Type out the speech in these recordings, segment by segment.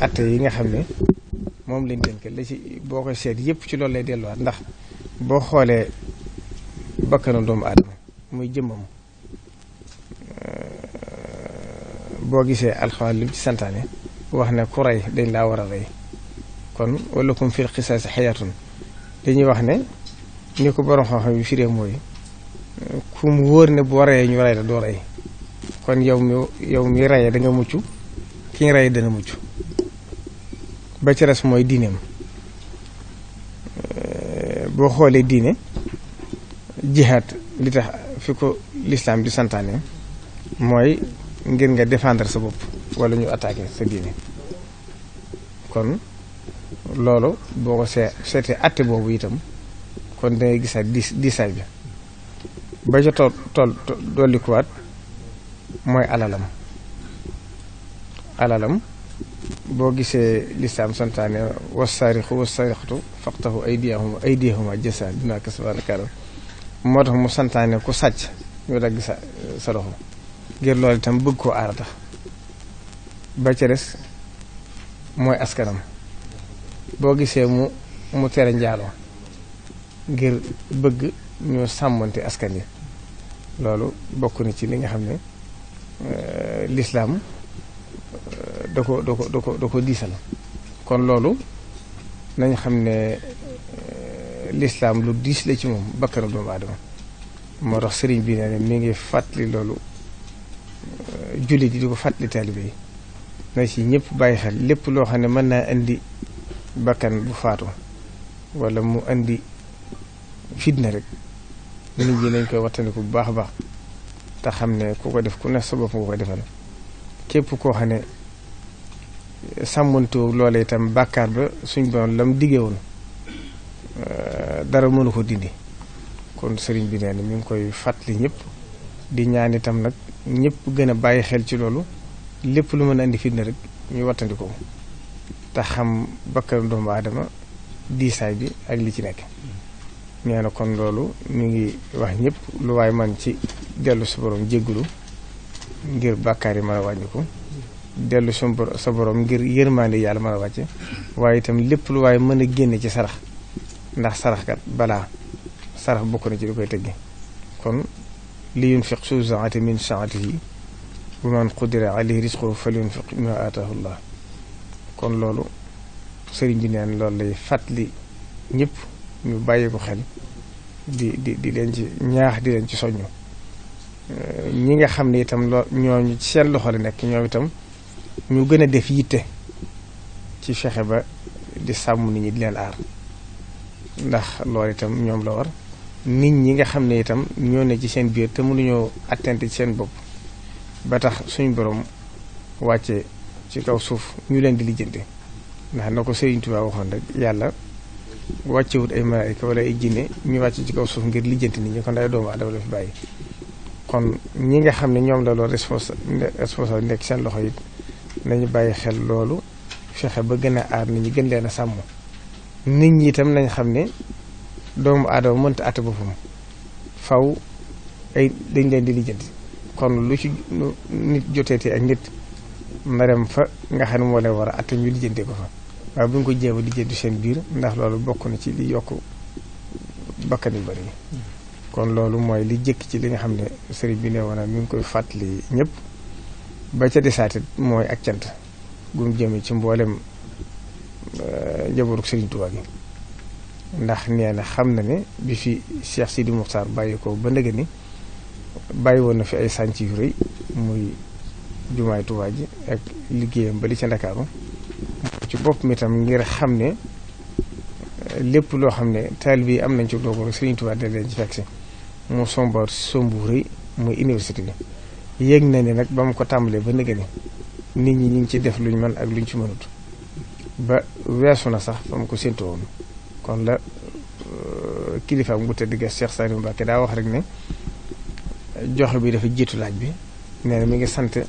atte yi nga xam ne moom lañ tënkal la ci boo koy seet yëpp ci loolu lay delluwaat ndax boo xoolee bakkanu doomu aadama muy jëmmam euh, boo gisee alxuraan lim ci santaane wax ne ku rey dañ laa war a rey kon wala kum fil xisaas xayaatun dañuy wax ne ni ko borom xam-xam yu firee mooy ku mu wóor ne boo reyee ñu rey la doo rey kon yow mi yow mi reyee da nga mucc ki dana mucc ba ci res mooy diineem eh, boo xoolee diine jihaat li tax fi ko lislaam di santaane mooy ngir nga défendre sa bopp wala ñu attaqué sa diine kon loolu boo ko see seetee atte boobu itam kon dangay gisaat diis diisaay bi ba ca tool tool dollikuwaat mooy alalam alalam boo gisee lislaam santaane wasaarixu wasaarixatu faqtahu aydiyahuma aydiyahuma jasa bima kasabana kaanam moo tax mu santaane ku sàcc ñu dagg sa sa loxo ngir loolu itam bëgg koo aar tax ba ca mooy askanam boo gisee mu mu tere njaaloo ngir bëgg ñu sàmmante askan yi loolu bokk na ci li nga xam ne euh, lislaam da ko da ko da ko da ko diisal kon loolu nañ xam ne euh, lislaam lu diis la ci moom bakkanu doomu aadama moo tax sëriñ bii nee ne mi ngi fàttali loolu euh, jullit yi di ko fàttali taalibe yi na ci ñëpp bàyyi xel lépp loo xam ne mën naa indi bakkan bu faatu wala mu indi fitna rek nit ñi nañ koy wattandiku bu baax a baax te xam ne ku ko def ku ne sa bopp nga koy defal képp koo xam ne sàmmantewu loolee itam bàkkaar ba suñ borom la mu diggee woon euh, dara mënu ko dindi kon sëriñ bi nee na ngi koy fàttali ñëpp di ñaan itam nag ñëpp gën a bàyyi xel ci loolu lépp lu mën a indi fitna rek ñu wattandi ko te xam bakkan doomu aadama diisaay bi ak li ci nekk nee na kon loolu mi ngi wax ñëpp lu waay man ci dellu su borom jéggulu ngir bàkkaar yi mën a wàññiku dellu sa borom ngir yërmaande yàlla mën a wàcce waaye itam lépp lu waaye mën a génne ci sarax ndax sarax kat balaa sarax bokk na ci lu koy tëgge kon li yunfiq su saati min saatihi wa man qudira alayhi risquhu fal yunfiq ma aataahu llah kon loolu sëriñ bi neen loolu lay fàttali ñëpp ñu bàyyi ko xel di di di leen ci ñaax di leen ci soññu ñi nga xam ne itam loo ñooñu ci seen loxo la nekk ñoom itam ñu gën a def yitte ci fexe ba di sàmm nit ñi di leen aar ndax loolu itam ñoom la war nit ñi nga xam ne itam ñoo ne ci seen biir te mënuñoo attente ci seen bopp ba tax suñu borom wàcce ci kaw suuf ñu leen di lijjanti ndax na ko Sëriñ Tuubaa waxoon rek yàlla wàccewut ay malaayika wala ay jinne ñu wàcce ci kaw suuf ngir lijjanti nit ñi kon day doomu aadama la fi bàyyi kon ñi nga xam ne ñoom la loolu responsable nekk seen loxo it nañu bàyyi xel loolu fexe ba gën a aar nit ñi gën leen a sàmm nit ñi itam nañ xam ne doomu aadama mënta àtte boppam faw ay dañ leen di lijjanti kon lu ci nit joteetee ak nit narem fa nga xam ne moo leen war a àtte ñu lijjantee ko fa waaye bu ñu ko jéem a lijjanti seen biir ndax loolu bokk na ci li yokk bakkan yu bari hmm. kon loolu mooy li jëkk ci li nga xam ne sëriñ bi ne woon mi ngi koy fàttali ñëpp ba ca desaati mooy ak cant gu mu ci mboolem euh, njabootu Serigne Touba gi ndax nee xam na ni bi fi Cheikh Sidi Moukhtar bàyyi ko ba ndege ni bàyyi woon na fi ay sànci yu rëy muy jumaay Touba ji ak liggéeyam ba li ca Ndakaaru ci bopp mi tam ngir xam ne lépp loo xam ne taalibe yi am nañ ci doogoon Serigne Touba da leen ci fekk si mu somboor sombu rëy muy université bi. yéeg na ni nag ba mu ko tàmbalee ba nëgë ni nit ñi ñu ngi ci def luñ mën ak luñ ci mënut ba weesu na sax fa mu ko séntu woon kon la euh, kilifaam bu tëdd ga Cheikh Saliou Mbacké daa wax rek ne joxe bi dafa jiitu laaj bi nee na mi ngi sant euh,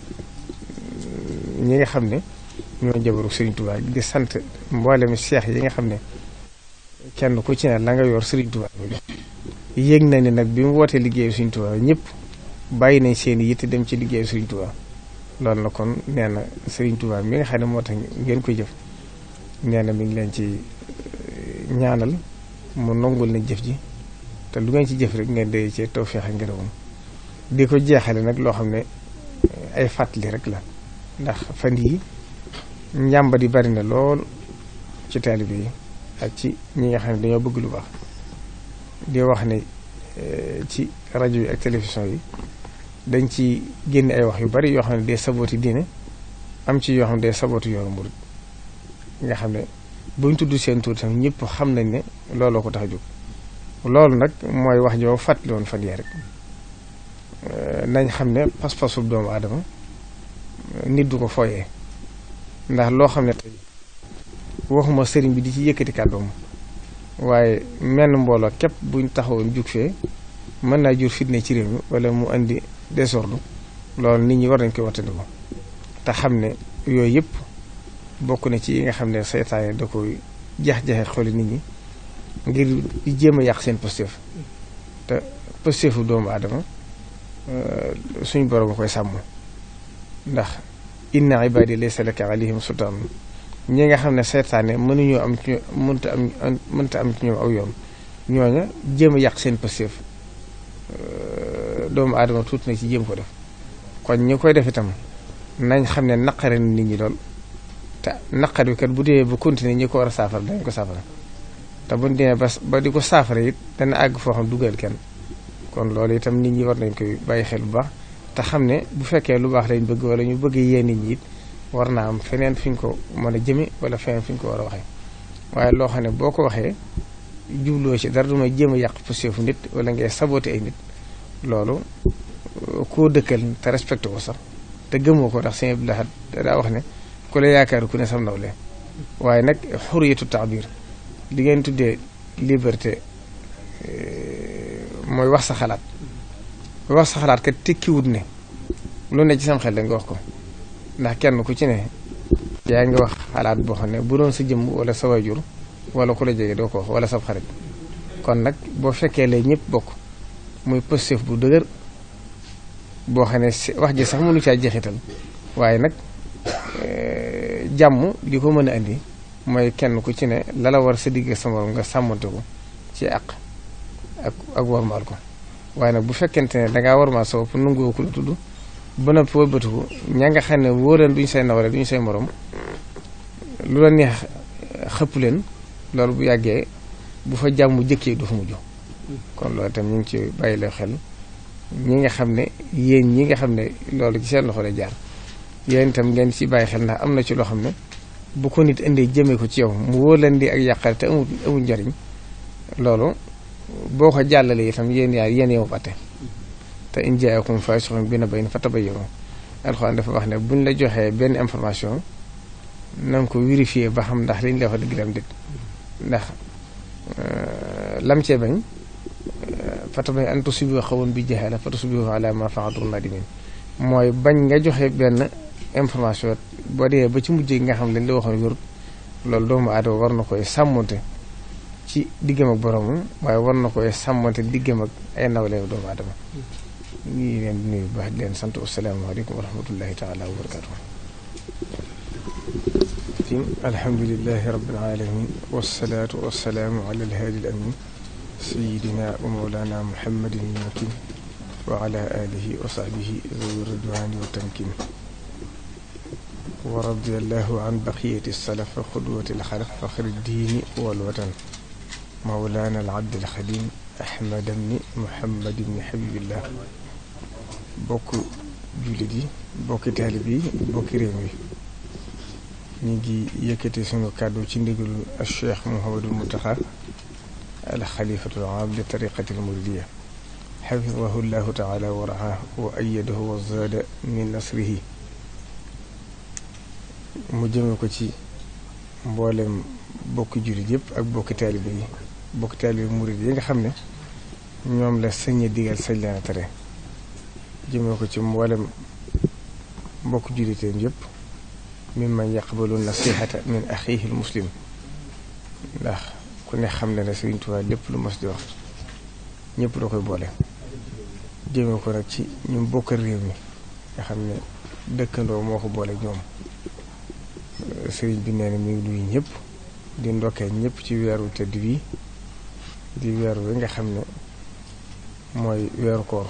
ñi nga xam ne ñoo jabaru Serigne Touba di sant mboolem Cheikh yi nga xam ne kenn ku ci ne la nga yor Serigne Touba bi na ni nag bi mu wootee liggéeyu Serigne Touba ñëpp. bàyyi nañ seen yitte dem ci liggéey Serigne Touba loolu na kon nee na Serigne Touba mi nga xam ne moo tax ngeen koy jëf nee na mi ngi leen ci eh, ñaanal mu nongul nañ jëf ji te lu ngeen ci jëf rek ngeen day cee tawfeex ak ngërëmam di ko jeexale nag loo xam ne eh, ay fàttali rek la ndax fa yi njàmba yi bari na lool ci taalibe yi ak ci ñi nga xam ne dañoo bëgg lu baax di wax ne eh, ci rajo yi ak télévision yi dañ ci génne ay wax yu bari yoo xam ne day sabooti diine am ci yoo xam ne day sabooti yoonu murid nga xam ne buñ tudd seen tuur tam ñëpp xam nañ ne looloo ko tax a jóg loolu nag mooy wax joo fàttali woon fan yee rek euh, nañ xam ne pas-pasu doomu aadama nit du ko fooyee ndax loo xam ne tey waxuma sëriñ bi di ci yëkkati kàddoom waaye menn mbooloo képp buñ taxawoon jug fee mën naa jur fitne ci réew mi wala mu indi désordre loolu nit ñi war nañ koy wattandiku te xam ne yooyu yëpp bokk na ci yi nga xam ne seytaane da koy jax-jaxe xoli nit ñi ngir jéem a yàq seen positif te positifu doomu aadama euh, suñ borom a koy sàmm ndax inna ibadi laysa laka alayhim sultaan ñi nga xam ne seytaane mënuñoo am ci mënta am mënta am ci ñoom aw yoon ñooña jéem yàq seen positif euh, doomu aadama tuuti na ci jéem ko def kon ñi koy def itam nañ xam ne naqari nit ñi lool te naqar bi kat bu dee bu continuer ñi ko war a saafara dañ ko saafara te buñ demee ba ba di ko saafara it dana àgg foo xam kenn kon loolu itam nit ñi war nañ koy bàyyi xel bu baax te xam ne bu fekkee lu baax lañ bëgg wala ñu bëgg yee nit ñi it war naa am feneen fi ñu ko mën a jëme wala feneen fi ñu ko war a waxee waaye loo xam ne boo ko waxee jubloo ci dara du jëm a yàq position fu nit wala ngay saboté ay nit loolu koo dëkkal te respecté ko sax te gëmoo ko ndax sëñ Abdou laxat daa wax ne ku la yaakaar ku ne sam nawle waaye nag xuriyatu taabir li ngeen tuddee liberté euh, mooy wax sa xalaat wax sa xalaat kat ne lu ne ci sam xel da wax ko ndax kenn ku ci ne yaa ngi wax xalaat boo xam ne bu doon sa jëmm wala sa jur wala ku la jege doo ko wax wala sa xarit kon nag boo fekkee lay ñëpp bokk muy positif bu dëgër boo xam ne wax ji sax mënu caa jeexital waaye nag eh, jàmm li ko mën a indi mooy kenn ku ci ne lala war sa digg sa morom nga sàmmante ko ci àq ak ak warmaal ko waaye nag bu fekkente ne danga dangaa warmaal sa bopp nungoo ko la tudd ba noppi wëlbatiku ña nga xam ne wóoral duñ say nawale duñ say morom lu la neex xëpp leen loolu bu yàggee bu fa jàmm jëkkee du fa mujj kon loolu itam ñu ngi ci bàyyi la xel ñi nga xam ne yéen ñi nga xam ne loolu ci seen loxo la jaar yéen itam ngeen ci bàyyi xel ndax am na ci loo xam ne bu ko nit indee jëme ko ci yow mu wóolandi ak yàqare te amul amul njariñ loolu boo ko jàllalee itam yéen yaa yéen yow te in jaayakum faasiqun bi naba'in fatabayyanu dafa wax ne buñ la joxee benn information na ko vérifier ba xam ndax liñ la wax dëgg la am ndax euh, lam cee fatadooy an tusibu xawoon bi jahala fa tusbihu ala ma fa'alu nadimin mooy bañ nga joxe benn information boo dee ba ci mujj gi nga xam lañ la waxoon wérut loolu doomu aadama war na koy sàmmante ci diggam ak boromam waaye war na koy sàmmante diggam ak ay nawleem doomu aadama ñu ngi leen di nuyu bu baax di leen sant asalaamaaleykum wa rahmatullahi taala wa barakatuh alhamdulilahi rabbil alamin wasalaatu wasalaamu ala alhaadi al amin sayyidina wa mawlana muhammadin makin wa ala alihi wa sahbihi zawi ridwani wa tamkin wa radiyallahu an baqiyati salaf wa xudwati alxalaf faxri diini walwatan mawlana alabd alxadim ahmad bni muhammad bni habibillah bokk jullit yi bokki taalib yi bokki réew mi ñu ngi yëkkate sunu kàddu ci ndigalu Cheikh Mouhamadou Mountakha alxalifatul aam li tariqati almuridiya xafidahu llahu taala wa raxaahu wa ayadahu wa zaada min nasrihi mu jëme ko ci mboolem bokki jullit yëpp ak bokki taalibe yi bokki taalibe murid yi nga xam ne ñoom la sañ a digal sañ leen a jëme ko ci mboolem bokki julliteem yëpp mimman yaqbalu nasihata min axiihi almuslim ku ne xam ne na Sëriñ Tuubaa lépp lu mos di wax ñëpp da koy boole jëmee ko nag ci ñu bokk réew mi nga xam ne dëkkandoo moo ko boole ñoom sëriñ bi nee na mi ngi nuyu ñëpp di ndokkee ñépp ci weeru tëdd wi di weer wi nga xam ne mooy weeru koor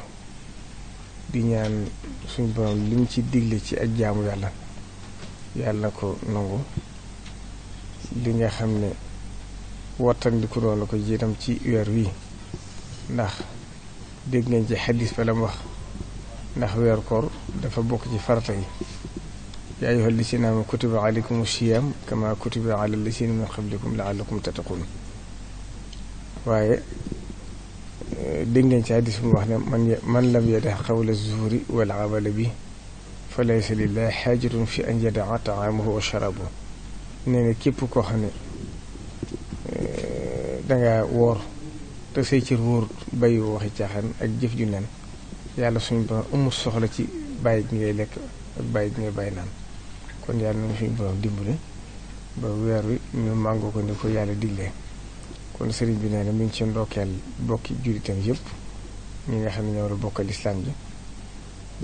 di ñaan suñ borom li mu ci digle ci ak jaamu yàlla yàlla ko nangu li nga xam ne wattandiku loola ko jiitam ci weer wii ndax dégg ngeen ci xadis ba la mu wax ndax weer koor dafa bokk ci farata yi yaa ayyuha lladiina aamanu kutiba aleykumu siyaam kama kutiba ala lladiina min qablikum laallakum tattaquun waaye eh, dégg ngeen ci xadis bi mu wax ne man man lam yada bi fa laysa lillahi xaajatun fi an yadaa taamahu wa sharaabahu nee na képp koo xam ne danga woor te say cër wóor bàyyi waxi caaxaan ak jëf ju nen yàlla suñu borom amul soxla ci bàyyi gi ngay lekk ak bàyyi gi ngay bàyyi naan kon yàlla nañu suñu borom dimbali ba weer wi ñu màngoo ko ni ko yàlla diglee kon sëriñ bi nee na mi ngi ci ndokkeel bokki jullitam yëpp ñi nga xam ne ñoo la bokkal lislaam bi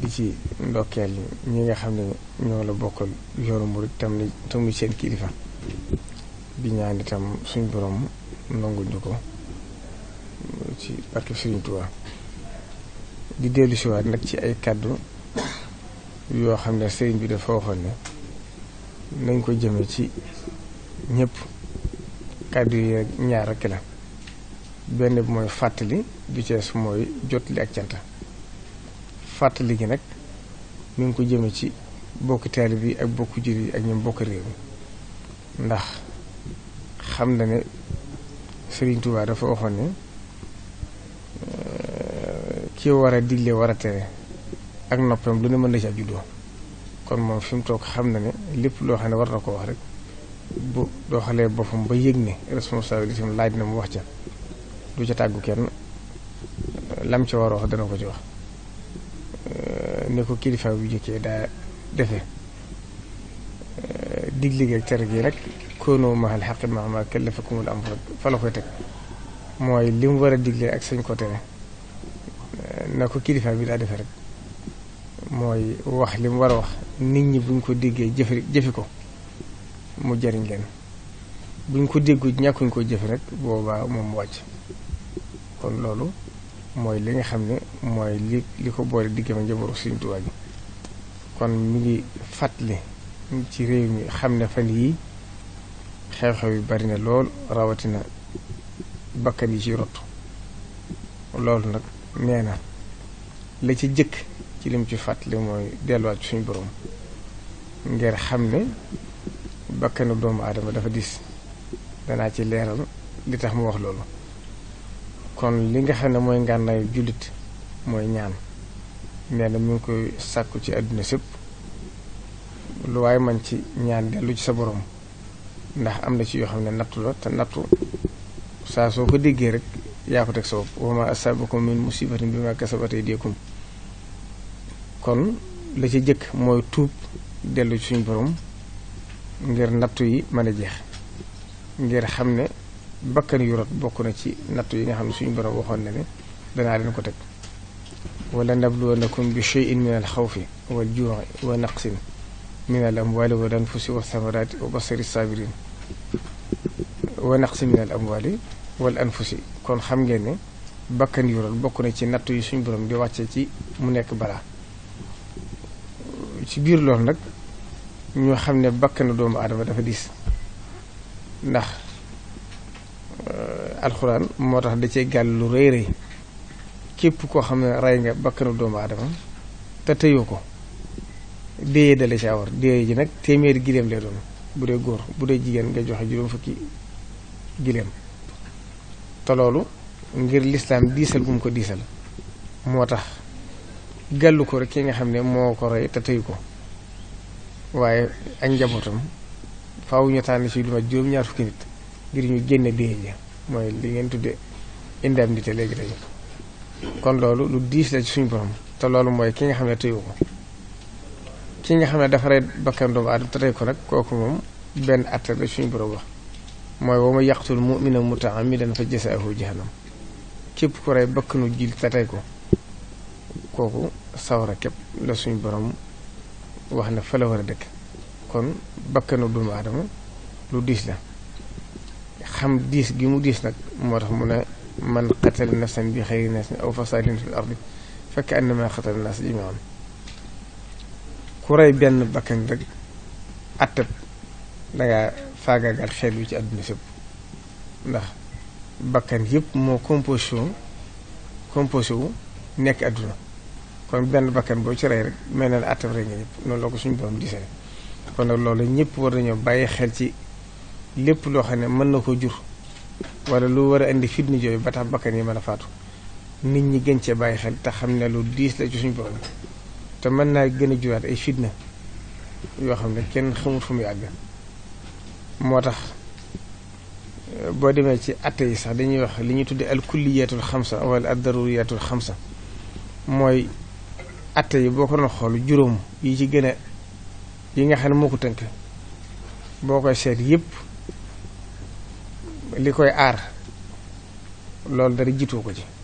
di ci ndokkeel ñi nga xam ne ñoo la bokkal yoonu murit tam ni tamuy seen kilifa bi ñaan itam suñu borom nangul ñu ko ci barke Serigne Touba di dellusiwaat nag ci ay kàddu yoo xam ne sëriñ bi dafa waxoon ne nañ ko jëme ci ñëpp kàddu yi ñaar rekk la benn bi mooy fàttali bi cees mooy jot li ak cant fàttali gi nag ñu ngi ko jëme ci bokki taalib bi ak bokku jur yi ak ñoom bokk réew mi ndax xam na ne Sëriñ Tuubaa dafa waxoon ne euh, ki war a digle war a tere ak noppam lu ne mën na ci ab juddoo kon moom fi mu toog xam na ne lépp loo xam ne war na ko wax rek bu doxalee boppam ba yëg ne responsabilité laaj na mu wax ca du ca tàggu kenn lam ca war a wax dana ko ci wax euh, ne ko kilifa bu jëkkee daa defe euh, digle gi ak tere gi rek koonoo mahal xaqi mahma kallafakumul amr fa la koy teg mooy li mu war a digle ak sañ ko tere na ko kilifa bi daa defe rek mooy wax li mu war a wax nit ñi buñ ko déggee jëfe jëfi ko mu jariñ leen buñ ko déggu ñàkkuñ ko jëfe rek boobaa moom mu wàcc kon loolu mooy li nga xam ne mooy li li ko boole digge ma njabootu Sëriñ Tuubaa ji kon mu ngi fàttali ci réew mi xam ne fan yii xew-xew yu bari na lool rawatina bakkan yi ci rot loolu nag nee na la ci jëkk ci lim ci fàttali mooy delluwaat suñu borom ngir xam ne bakkanu doomu aadama dafa diis danaa ci leeral li tax mu wax loolu kon li nga xam ne mooy ngànnaayu jullit mooy ñaan nee na mu ngi koy sàkku ci àdduna sépp lu waaye man ci ñaan dellu ci sa boroom ndax am na ci yoo xam ne nattu la te nattu saa soo ko déggee rek yaa ko teg sa bopp wa ma asabakum min musibatin bi ma kasabat aydikum kon la ci jëkk mooy tuub dellu suñu boroom ngir nattu yi mën a jeex ngir xam ne bakkan yu bokk na ci nattu yi nga xam ne suñu borom waxoon na ne danaa leen ko teg wala nabluwannakum bi shay'in min al xawfi wal juu'i wa naqsin min al amwaali wal anfusi wa thamaraati wa basiri saabiriin wa naqsi min am amwaali wal anfusi kon xam ngeen ne bakkan yu bokk na ci nattu yi suñu borom di wàcce ci mu nekk balaa ci biir loolu nag ñoo xam ne bakkanu doomu aadama dafa diis ndax euh, alxuraan moo tax da cee gàll lu rëy rëy képp koo xam ne rey nga bakkanu doomu aadama te tëyoo ko déyee dale ci awar déyee ji nag téeméeri gileem lay doon bu dee góor bu dee jigéen nga joxe juróom fukki gileem te loolu ngir lislaam diisal gum ko diisal moo tax gàll ko rek ki nga xam ne moo ko rey te tëyu ko waaye ak njabootam faaw ñu tànn ci lu ma ñaar fukki nit ngir ñu génne déyee ji mooy li ngeen tudde indemnité léegi tey kon loolu lu diis la suñu borom te loolu mooy ki nga xam ne tëyu ko ki nga xam ne dafa rey bakkan doomu aadama te tey ko nag kooku moom benn atte la suñu borom wax mooy wa ma yaqtul mu'mina mutaamidan fa jasaahu jahannam képp ku rey bakkanu jil te tey ko kooku sawara képp la suñu borom wax ne fa la war a dëkk kon bakkanu doomu adama lu diis la xam diis gi mu diis nag moo tax mu ne man qatala nafsan bi xayri nafsin aw fasaadin fil ardi fa na annama qatala naas jamii'an ku rey benn bakkan rek attab dangaa faagaagal xeet wi ci àdduna sépp ndax bakkan yëpp moo composé wu composé wu nekk àdduna kon benn bakkan boo ci rey rek mel na ne attab rey nga ñëpp noonu la ko suñu borom kon nag loolu ñëpp war nañoo bàyyi xel ci lépp loo xam ne mën na ko jur wala lu war a indi fitna jooyu ba tax bakkan yi mën a faatu nit ñi gën cee bàyyi xel te xam ne lu diis la ci suñu borom te mën naa gën a juraat ay fitna yoo xam ne kenn xamul fu muy àgg moo tax eh, boo demee ci atte yi sax dañuy wax li ñu tuddee al kulliyatul xamsa wala ad daruriyatul xamsa mooy atte yi boo ko doon xool juróom yi ci gën a yi nga xam ne moo ko tënk boo koy seet yépp li koy aar loolu dara jiitoo ko ci